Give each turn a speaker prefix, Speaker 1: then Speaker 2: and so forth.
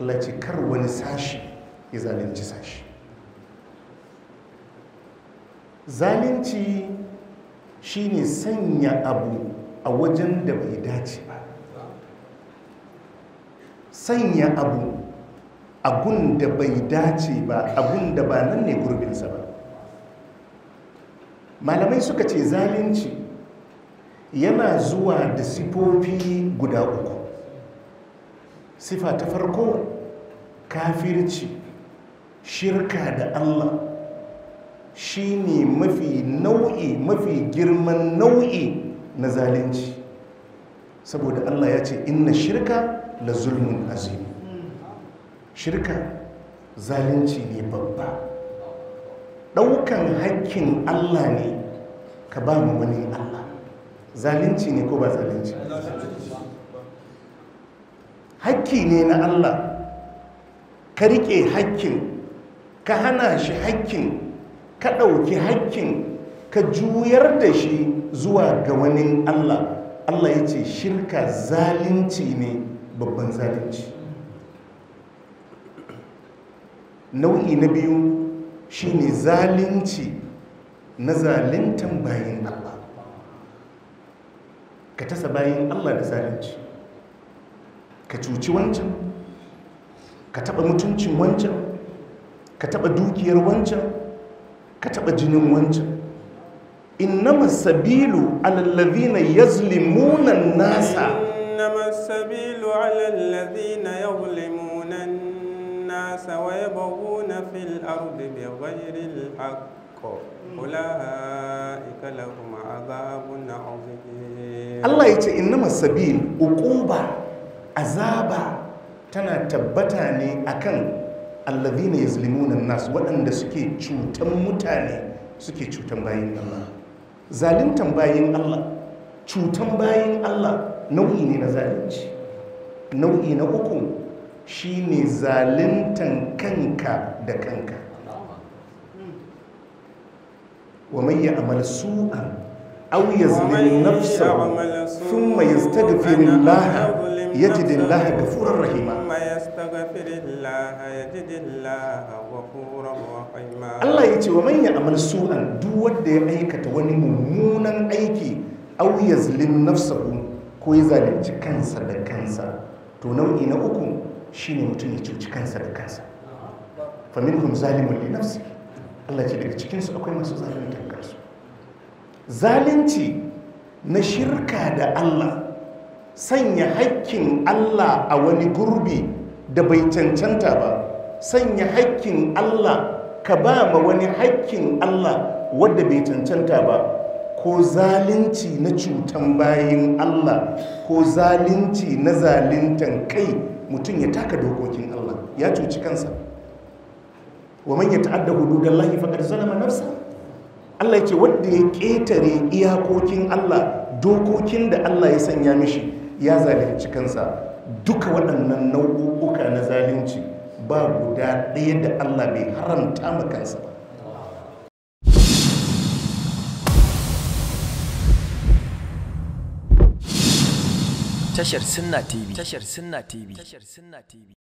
Speaker 1: Lacikar wani sashi ya zalunci sashi zalunci shine sanya abu a wajen da bai dace ba sanya abu abun da bai dace ba abun da ba nan ne gurbinsa ba malamai suka ce zalunci yana zuwa da sifofi guda uku sifa ta farko kafirci shirka da allah shine mafi nau'i mafi girman nau'i na zalunci saboda allah ya ce inna shirka la zulmin azim shirka zalunci ne babba ɗaukan hakkin allah ne ka ba mu wani allah zalunci ne ko ba zalunci hakki ne na Allah ka riƙe hakkin ka hana shi hakkin ka ɗauki hakkin ka juyar da shi zuwa ga wani Allah Allah ya ce shirka zalunci ne babban zalunci nau'i na biyu shi ne zalunci na zalintan bayan Allah ka tasa bayan Allah da zalunci ka cuci wancan ka taba mutuncin wancan ka taba dukiyar wancan ka taba jinin wancan innama sabilu alallazina yazlimuna nasa innama sabilu alallazina yazlimuna nasa wa yabghuna fil ardi bighayri al-haqq ulaika lahum adhabun adhim Allah yace innama sabil uquba azaba tana tabbata ne akan allazina yazlimuna nas waɗanda suke cutan mutane suke cutan bayin Allah zalintan bayin Allah cutan bayin Allah nau'i ne na zalunci nau'i na uku shi ne zalintan kanka da kanka wa man ya'mal su'an sun yazlim nafsahu thumma Laha? يجد الله غفورا رحيما Allah ya ce wa manyan amal su'an duk wanda ya aikata wani mummunan aiki au yazlim nafsahu ko ya zalunci kansa da kansa to nau'i na uku shine mutum ya cuci kansa da kansa fa minhum zalimun li nafsihi ce daga cikinsu akwai masu zaluntar kansu zalunci na shirka da Allah sanya haƙƙin Allah a wani gurbi da bai cancanta ba sanya haƙƙin Allah ka ba ma wani haƙƙin Allah wadda bai cancanta ba ko zalunci na cutan bayan Allah ko zalunci na zalintan kai mutum ya taka dokokin Allah ya cuci kansa wa man yata'adda lahi faqad zalama nafsa Allah ce wanda ya ƙetare iyakokin Allah dokokin da Allah ya sanya mishi ya zalunci kansa duka waɗannan nau'uka na zalunci ba guda ɗaya da Allah bai haramta ma ba tashar sunna tv tashar sunna tv tashar sunna tv